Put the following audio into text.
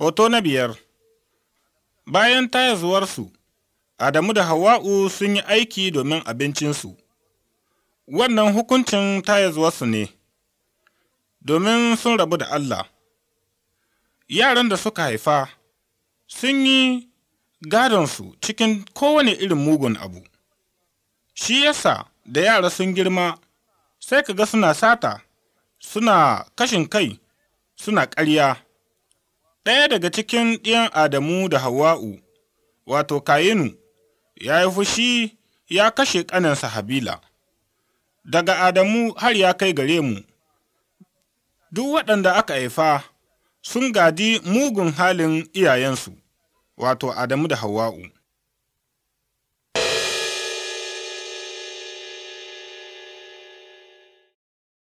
Hoto na biyar Bayan tayazuwarsu, Adamu da Hawa'u sun yi aiki domin abincinsu, wannan hukuncin tayazuwarsu ne, domin sun rabu da Allah. Yaran da suka haifa sun yi gadonsu cikin kowane irin mugun abu, shi yasa da yara sun girma sai ka ga suna sata, suna kashin kai, suna ƙarya. ɗaya daga cikin ɗiyan Adamu da Hawa'u, wato Kayinu, ya yi fushi ya kashe ƙaninsa Habila. Daga Adamu har ya kai gare mu, duk waɗanda aka haifa sun gadi mugun halin iyayensu, wato Adamu da Hawa'u.